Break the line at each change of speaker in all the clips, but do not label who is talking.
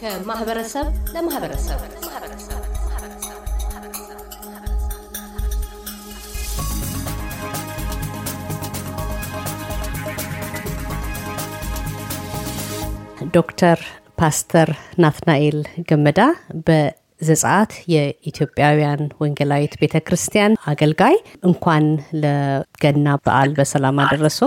ከማህበረሰብ ለማህበረሰብ ዶክተር ፓስተር ናትናኤል ገመዳ በ ዘጸአት የኢትዮጵያውያን ወንጌላዊት ቤተ ክርስቲያን አገልጋይ እንኳን ለገና በዓል በሰላም አደረሶ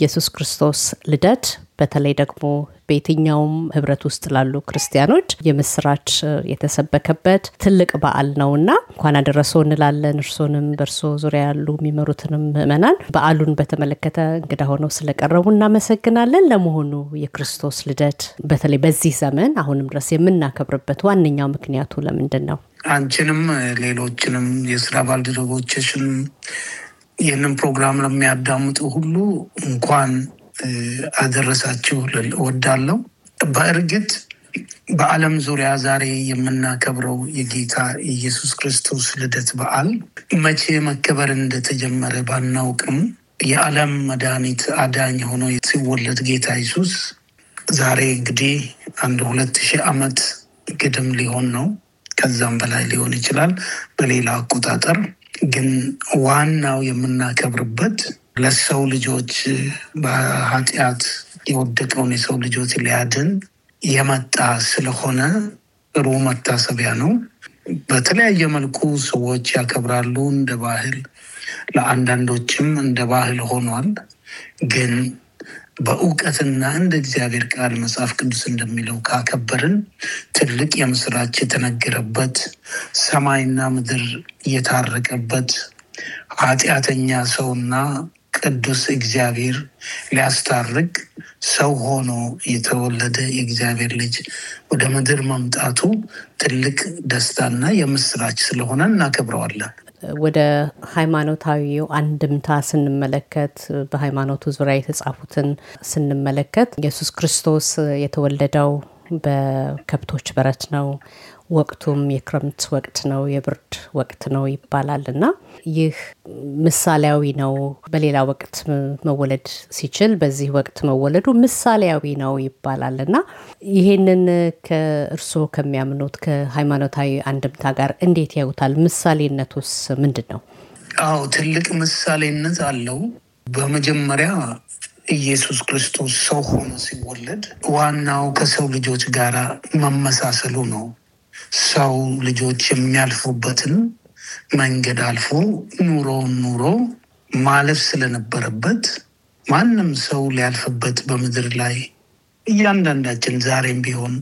ኢየሱስ ክርስቶስ ልደት በተለይ ደግሞ በየትኛውም ህብረት ውስጥ ላሉ ክርስቲያኖች የምስራች የተሰበከበት ትልቅ በዓል ነውና እንኳን አደረሰው እንላለን። እርሶንም በእርሶ ዙሪያ ያሉ የሚመሩትንም ምእመናን በዓሉን በተመለከተ እንግዳ ሆነው ስለቀረቡ እናመሰግናለን። ለመሆኑ የክርስቶስ ልደት በተለይ በዚህ ዘመን አሁንም ድረስ የምናከብርበት ዋነኛው ምክንያቱ ለምንድን ነው?
አንቺንም ሌሎችንም የስራ ባልደረቦችሽንም ይህንን ፕሮግራም ለሚያዳምጡ ሁሉ እንኳን አደረሳችሁ እወዳለሁ። በእርግጥ በዓለም ዙሪያ ዛሬ የምናከብረው የጌታ ኢየሱስ ክርስቶስ ልደት በዓል መቼ መከበር እንደተጀመረ ባናውቅም የዓለም መድኃኒት አዳኝ ሆኖ ሲወለድ ጌታ ኢየሱስ ዛሬ እንግዲህ አንድ ሁለት ሺህ ዓመት ግድም ሊሆን ነው፣ ከዛም በላይ ሊሆን ይችላል በሌላ አቆጣጠር ግን ዋናው የምናከብርበት ለሰው ልጆች በኃጢአት የወደቀውን የሰው ልጆች ሊያድን የመጣ ስለሆነ ጥሩ መታሰቢያ ነው። በተለያየ መልኩ ሰዎች ያከብራሉ እንደ ባህል፣ ለአንዳንዶችም እንደ ባህል ሆኗል ግን በእውቀትና እንደ እግዚአብሔር ቃል መጽሐፍ ቅዱስ እንደሚለው ካከበርን ትልቅ የምስራች የተነገረበት ሰማይና ምድር የታረቀበት ኃጢአተኛ ሰውና ቅዱስ እግዚአብሔር ሊያስታርቅ ሰው ሆኖ የተወለደ የእግዚአብሔር ልጅ ወደ ምድር መምጣቱ ትልቅ ደስታና የምስራች ስለሆነ እናከብረዋለን።
ወደ ሃይማኖታዊው አንድምታ ስንመለከት በሃይማኖቱ ዙሪያ የተጻፉትን ስንመለከት ኢየሱስ ክርስቶስ የተወለደው በከብቶች በረት ነው። ወቅቱም የክረምት ወቅት ነው፣ የብርድ ወቅት ነው ይባላል እና ይህ ምሳሌያዊ ነው። በሌላ ወቅት መወለድ ሲችል በዚህ ወቅት መወለዱ ምሳሌያዊ ነው ይባላል እና ይሄንን ከእርስዎ ከሚያምኑት ከሃይማኖታዊ አንድምታ ጋር እንዴት ያዩታል? ምሳሌነቱስ ምንድን ነው?
አዎ ትልቅ ምሳሌነት አለው። በመጀመሪያ ኢየሱስ ክርስቶስ ሰው ሆኖ ሲወለድ ዋናው ከሰው ልጆች ጋር መመሳሰሉ ነው። ሰው ልጆች የሚያልፉበትን መንገድ አልፎ ኑሮውን ኑሮ ማለፍ ስለነበረበት ማንም ሰው ሊያልፍበት በምድር ላይ እያንዳንዳችን ዛሬም ቢሆን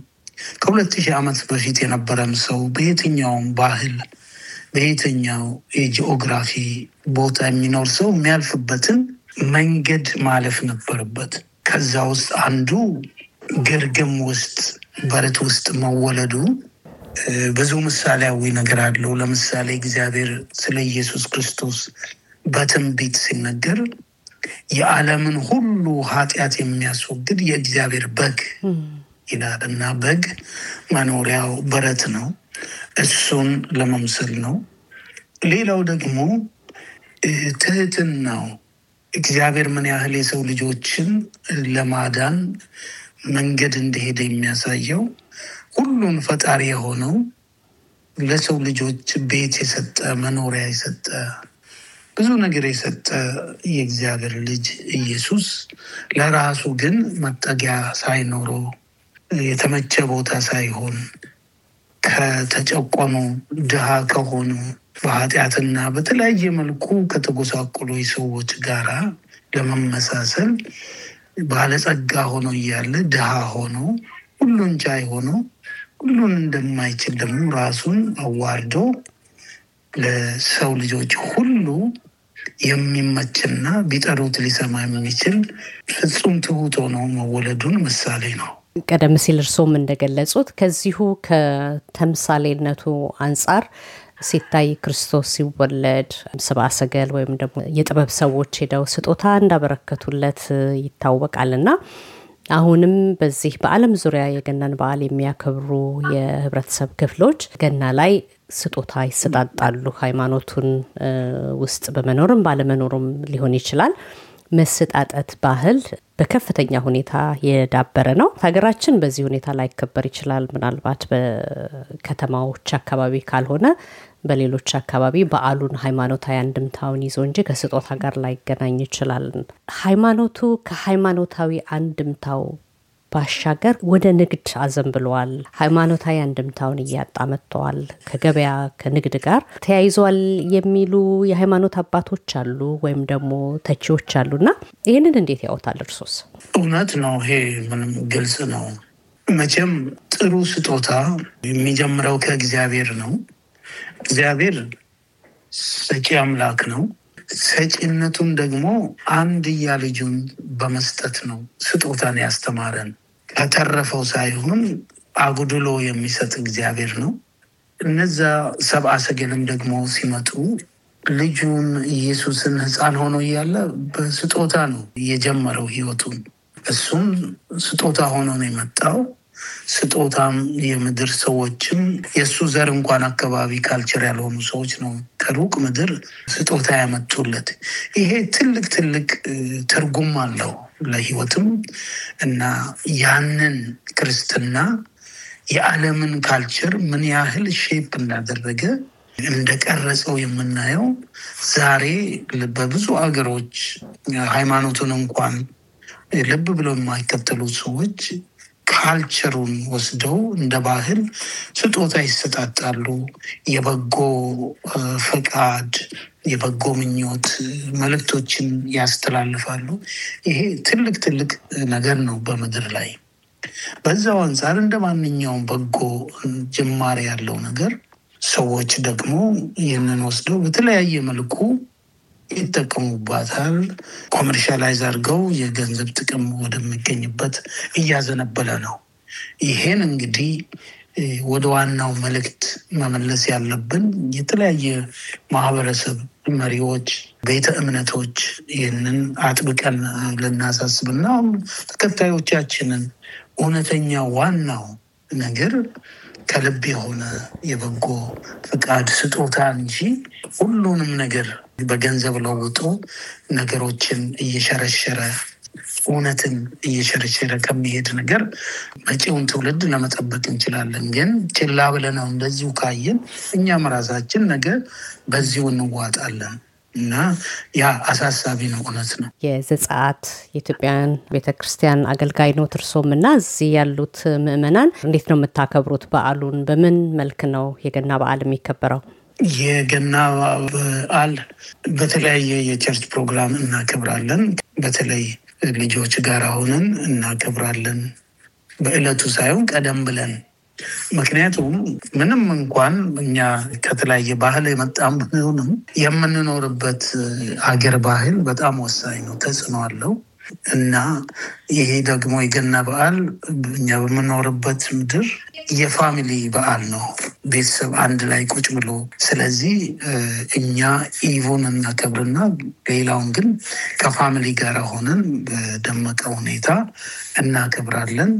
ከሁለት ሺህ ዓመት በፊት የነበረም ሰው በየትኛውም ባህል በየትኛው የጂኦግራፊ ቦታ የሚኖር ሰው የሚያልፍበትን መንገድ ማለፍ ነበረበት። ከዛ ውስጥ አንዱ ግርግም ውስጥ በረት ውስጥ መወለዱ ብዙ ምሳሌያዊ ነገር አለው። ለምሳሌ እግዚአብሔር ስለ ኢየሱስ ክርስቶስ በትንቢት ሲነገር የዓለምን ሁሉ ኃጢአት የሚያስወግድ የእግዚአብሔር በግ ይላል እና በግ መኖሪያው በረት ነው። እሱን ለመምሰል ነው። ሌላው ደግሞ ትህትናው እግዚአብሔር ምን ያህል የሰው ልጆችን ለማዳን መንገድ እንደሄደ የሚያሳየው ሁሉን ፈጣሪ የሆነው ለሰው ልጆች ቤት የሰጠ መኖሪያ የሰጠ ብዙ ነገር የሰጠ የእግዚአብሔር ልጅ ኢየሱስ ለራሱ ግን መጠጊያ ሳይኖረው የተመቸ ቦታ ሳይሆን ከተጨቆኑ ድሃ ከሆኑ በኃጢአትና በተለያየ መልኩ ከተጎሳቆሉ ሰዎች ጋራ ለመመሳሰል ባለጸጋ ሆኖ እያለ ድሃ ሆኖ ሁሉን ቻይ ሆኖ ሁሉን እንደማይችል ደግሞ ራሱን አዋርዶ ለሰው ልጆች ሁሉ የሚመችና ቢጠሩት ሊሰማ የሚችል ፍጹም ትሁት ሆኖ መወለዱን ምሳሌ ነው።
ቀደም ሲል እርስዎም እንደገለጹት ከዚሁ ከተምሳሌነቱ አንጻር ሲታይ ክርስቶስ ሲወለድ ስብአ ሰገል ወይም ደግሞ የጥበብ ሰዎች ሄደው ስጦታ እንዳበረከቱለት ይታወቃልና አሁንም በዚህ በዓለም ዙሪያ የገናን በዓል የሚያከብሩ የህብረተሰብ ክፍሎች ገና ላይ ስጦታ ይሰጣጣሉ። ሃይማኖቱን ውስጥ በመኖርም ባለመኖሩም ሊሆን ይችላል። መሰጣጠት ባህል በከፍተኛ ሁኔታ የዳበረ ነው። ሀገራችን በዚህ ሁኔታ ላይከበር ይችላል። ምናልባት በከተማዎች አካባቢ ካልሆነ በሌሎች አካባቢ በዓሉን ሃይማኖታዊ አንድምታውን ይዞ እንጂ ከስጦታ ጋር ላይገናኝ ይችላል። ሃይማኖቱ ከሃይማኖታዊ አንድምታው ባሻገር ወደ ንግድ አዘንብለዋል። ሃይማኖታዊ አንድምታውን እያጣ መጥተዋል። ከገበያ ከንግድ ጋር ተያይዟል የሚሉ የሃይማኖት አባቶች አሉ፣ ወይም ደግሞ ተቺዎች እና ይህንን እንዴት ያወታል? እርሶስ?
እውነት ነው። ይሄ ምንም ግልጽ ነው። መቼም ጥሩ ስጦታ የሚጀምረው ከእግዚአብሔር ነው። እግዚአብሔር ሰጪ አምላክ ነው። ሰጪነቱን ደግሞ አንድያ ልጁን በመስጠት ነው ስጦታን ያስተማረን። ከተረፈው ሳይሆን አጉድሎ የሚሰጥ እግዚአብሔር ነው። እነዛ ሰብአ ሰገልም ደግሞ ሲመጡ ልጁን ኢየሱስን ሕፃን ሆኖ እያለ በስጦታ ነው የጀመረው ህይወቱን። እሱም ስጦታ ሆኖ ነው የመጣው። ስጦታም የምድር ሰዎችም የእሱ ዘር እንኳን አካባቢ ካልቸር ያልሆኑ ሰዎች ነው ከሩቅ ምድር ስጦታ ያመጡለት። ይሄ ትልቅ ትልቅ ትርጉም አለው ለህይወትም እና ያንን ክርስትና የዓለምን ካልቸር ምን ያህል ሼፕ እንዳደረገ እንደቀረጸው የምናየው ዛሬ በብዙ አገሮች ሃይማኖቱን እንኳን ልብ ብለው የማይከተሉ ሰዎች ካልቸሩን ወስደው እንደ ባህል ስጦታ ይሰጣጣሉ። የበጎ ፈቃድ፣ የበጎ ምኞት መልእክቶችን ያስተላልፋሉ። ይሄ ትልቅ ትልቅ ነገር ነው በምድር ላይ። በዛው አንጻር እንደ ማንኛውም በጎ ጅማሬ ያለው ነገር ሰዎች ደግሞ ይህንን ወስደው በተለያየ መልኩ ይጠቀሙባታል። ኮመርሻላይዝ አድርገው የገንዘብ ጥቅም ወደሚገኝበት እያዘነበለ ነው። ይሄን እንግዲህ ወደ ዋናው መልእክት መመለስ ያለብን የተለያየ ማህበረሰብ መሪዎች፣ ቤተ እምነቶች ይህንን አጥብቀን ልናሳስብና ተከታዮቻችንን እውነተኛ ዋናው ነገር ከልብ የሆነ የበጎ ፈቃድ ስጦታ እንጂ ሁሉንም ነገር በገንዘብ ለውጦ ነገሮችን እየሸረሸረ እውነትን እየሸረሸረ ከሚሄድ ነገር መጪውን ትውልድ ለመጠበቅ እንችላለን። ግን ችላ ብለነው እንደዚሁ ካየን እኛም ራሳችን ነገር በዚሁ እንዋጣለን። እና ያ አሳሳቢ ነው፣ እውነት
ነው። የዘጸአት የኢትዮጵያን ቤተ ክርስቲያን አገልጋይ ነው እርሶም እና እዚህ ያሉት ምእመናን እንዴት ነው የምታከብሩት በዓሉን? በምን መልክ ነው የገና በዓል የሚከበረው?
የገና በዓል በተለያየ የቸርች ፕሮግራም እናከብራለን። በተለይ ልጆች ጋር አሁንን እናከብራለን። በእለቱ ሳይሆን ቀደም ብለን ምክንያቱም ምንም እንኳን እኛ ከተለያየ ባህል የመጣም ብንሆንም የምንኖርበት አገር ባህል በጣም ወሳኝ ነው፣ ተጽዕኖ አለው። እና ይሄ ደግሞ የገና በዓል እኛ በምኖርበት ምድር የፋሚሊ በዓል ነው። ቤተሰብ አንድ ላይ ቁጭ ብሎ ስለዚህ እኛ ኢቮን እናከብርና ሌላውን ግን ከፋሚሊ ጋር ሆነን በደመቀ ሁኔታ እናከብራለን።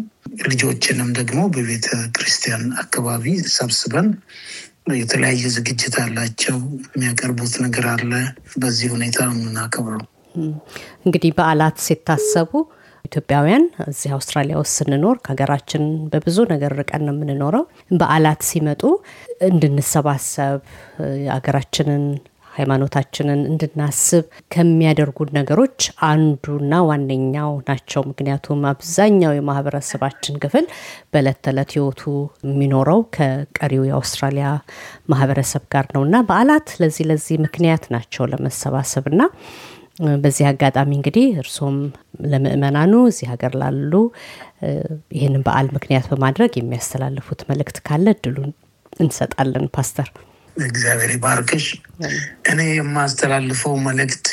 ልጆችንም ደግሞ በቤተ ክርስቲያን አካባቢ ሰብስበን የተለያየ ዝግጅት አላቸው፣ የሚያቀርቡት ነገር አለ። በዚህ ሁኔታ ነው የምናከብረው።
እንግዲህ በዓላት ሲታሰቡ ኢትዮጵያውያን እዚህ አውስትራሊያ ውስጥ ስንኖር ከሀገራችን በብዙ ነገር ርቀን ነው የምንኖረው። በዓላት ሲመጡ እንድንሰባሰብ ሀገራችንን ሃይማኖታችንን እንድናስብ ከሚያደርጉን ነገሮች አንዱና ዋነኛው ናቸው። ምክንያቱም አብዛኛው የማህበረሰባችን ክፍል በዕለት ተዕለት ህይወቱ የሚኖረው ከቀሪው የአውስትራሊያ ማህበረሰብ ጋር ነው እና በዓላት ለዚህ ለዚህ ምክንያት ናቸው ለመሰባሰብ እና በዚህ አጋጣሚ እንግዲህ እርሶም ለምእመናኑ እዚህ ሀገር ላሉ ይህንን በዓል ምክንያት በማድረግ የሚያስተላልፉት መልእክት ካለ እድሉን እንሰጣለን። ፓስተር
እግዚአብሔር ባርክሽ። እኔ የማስተላልፈው መልእክት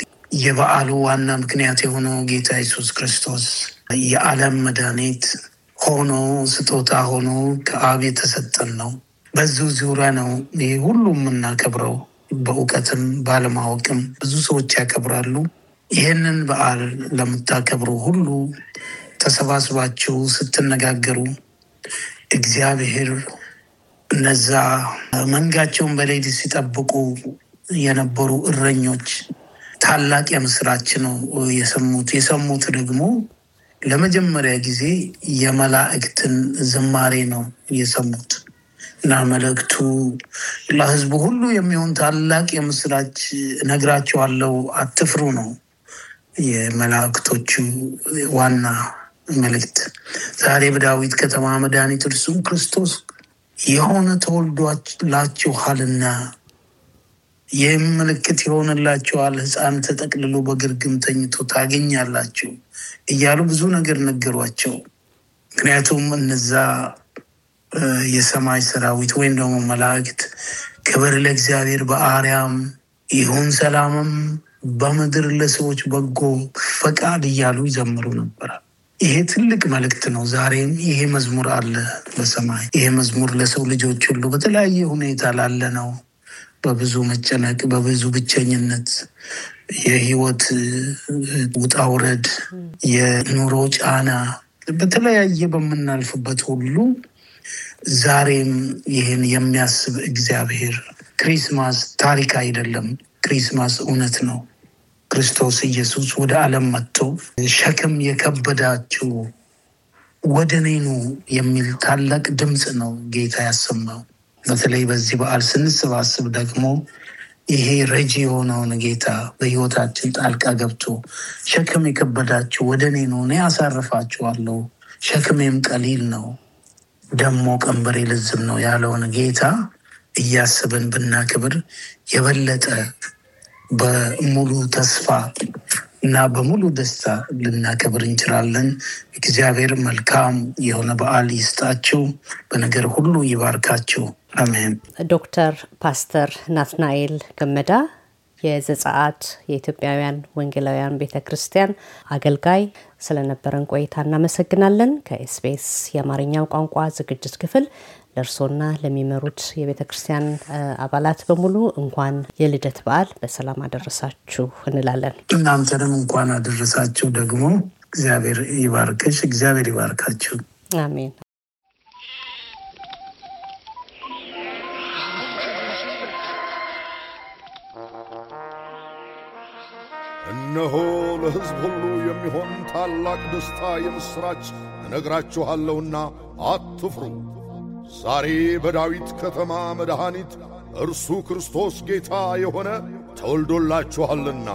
የበዓሉ ዋና ምክንያት የሆነው ጌታ ኢየሱስ ክርስቶስ የዓለም መድኃኒት ሆኖ ስጦታ ሆኖ ከአብ የተሰጠን ነው። በዙ ዙሪያ ነው ይህ ሁሉ የምናከብረው። በእውቀትም ባለማወቅም ብዙ ሰዎች ያከብራሉ። ይህንን በዓል ለምታከብሩ ሁሉ ተሰባስባችሁ ስትነጋገሩ እግዚአብሔር እነዛ መንጋቸውን በሌሊት ሲጠብቁ የነበሩ እረኞች ታላቅ የምስራች ነው የሰሙት። የሰሙት ደግሞ ለመጀመሪያ ጊዜ የመላእክትን ዝማሬ ነው የሰሙት። እና መልእክቱ ለህዝቡ ሁሉ የሚሆን ታላቅ የምስራች ነግራቸዋለው አትፍሩ ነው የመላእክቶቹ ዋና መልእክት። ዛሬ በዳዊት ከተማ መድኃኒት እርሱም ክርስቶስ የሆነ ተወልዷላችኋልና ይህም ምልክት ይሆንላችኋል፣ ህፃን ተጠቅልሎ በግርግም ተኝቶ ታገኛላችሁ እያሉ ብዙ ነገር ነገሯቸው። ምክንያቱም እነዛ የሰማይ ሰራዊት ወይም ደግሞ መላእክት ክብር ለእግዚአብሔር በአርያም ይሁን ሰላምም በምድር ለሰዎች በጎ ፈቃድ እያሉ ይዘምሩ ነበረ። ይሄ ትልቅ መልእክት ነው። ዛሬም ይሄ መዝሙር አለ በሰማይ። ይሄ መዝሙር ለሰው ልጆች ሁሉ በተለያየ ሁኔታ ላለ ነው። በብዙ መጨነቅ፣ በብዙ ብቸኝነት፣ የህይወት ውጣ ውረድ፣ የኑሮ ጫና በተለያየ በምናልፍበት ሁሉ ዛሬም ይህን የሚያስብ እግዚአብሔር ክሪስማስ ታሪክ አይደለም። ክሪስማስ እውነት ነው። ክርስቶስ ኢየሱስ ወደ ዓለም መጥቶ ሸክም የከበዳችሁ ወደ እኔ ኑ የሚል ታላቅ ድምፅ ነው ጌታ ያሰማው። በተለይ በዚህ በዓል ስንሰባስብ ደግሞ ይሄ ረጂ የሆነውን ጌታ በህይወታችን ጣልቃ ገብቶ ሸክም የከበዳችሁ ወደ እኔ ነው እኔ አሳርፋችኋለሁ፣ ሸክሜም ቀሊል ነው ደሞ ቀንበሬ ልዝብ ነው ያለውን ጌታ እያስብን ብናክብር የበለጠ በሙሉ ተስፋ እና በሙሉ ደስታ ልናከብር እንችላለን። እግዚአብሔር መልካም የሆነ በዓል ይስጣችሁ፣ በነገር ሁሉ ይባርካችሁ። አሜን።
ዶክተር ፓስተር ናትናኤል ገመዳ የዘጸአት የኢትዮጵያውያን ወንጌላውያን ቤተ ክርስቲያን አገልጋይ ስለነበረን ቆይታ እናመሰግናለን። ከኤስቢኤስ የአማርኛው ቋንቋ ዝግጅት ክፍል ለእርሶና ለሚመሩት የቤተ ክርስቲያን አባላት በሙሉ እንኳን የልደት በዓል በሰላም አደረሳችሁ እንላለን።
እናንተንም እንኳን አደረሳችሁ። ደግሞ እግዚአብሔር ይባርክሽ፣ እግዚአብሔር ይባርካችሁ።
አሜን።
እነሆ ለሕዝብ ሁሉ የሚሆን ታላቅ ደስታ የምሥራች እነግራችኋለሁና አትፍሩ። ዛሬ በዳዊት ከተማ መድኃኒት እርሱ ክርስቶስ ጌታ የሆነ ተወልዶላችኋልና።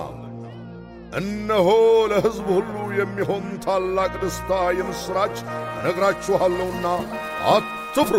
እነሆ ለሕዝብ ሁሉ የሚሆን ታላቅ ደስታ የምሥራች እነግራችኋለሁና አትፍሩ።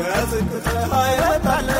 يا زد يا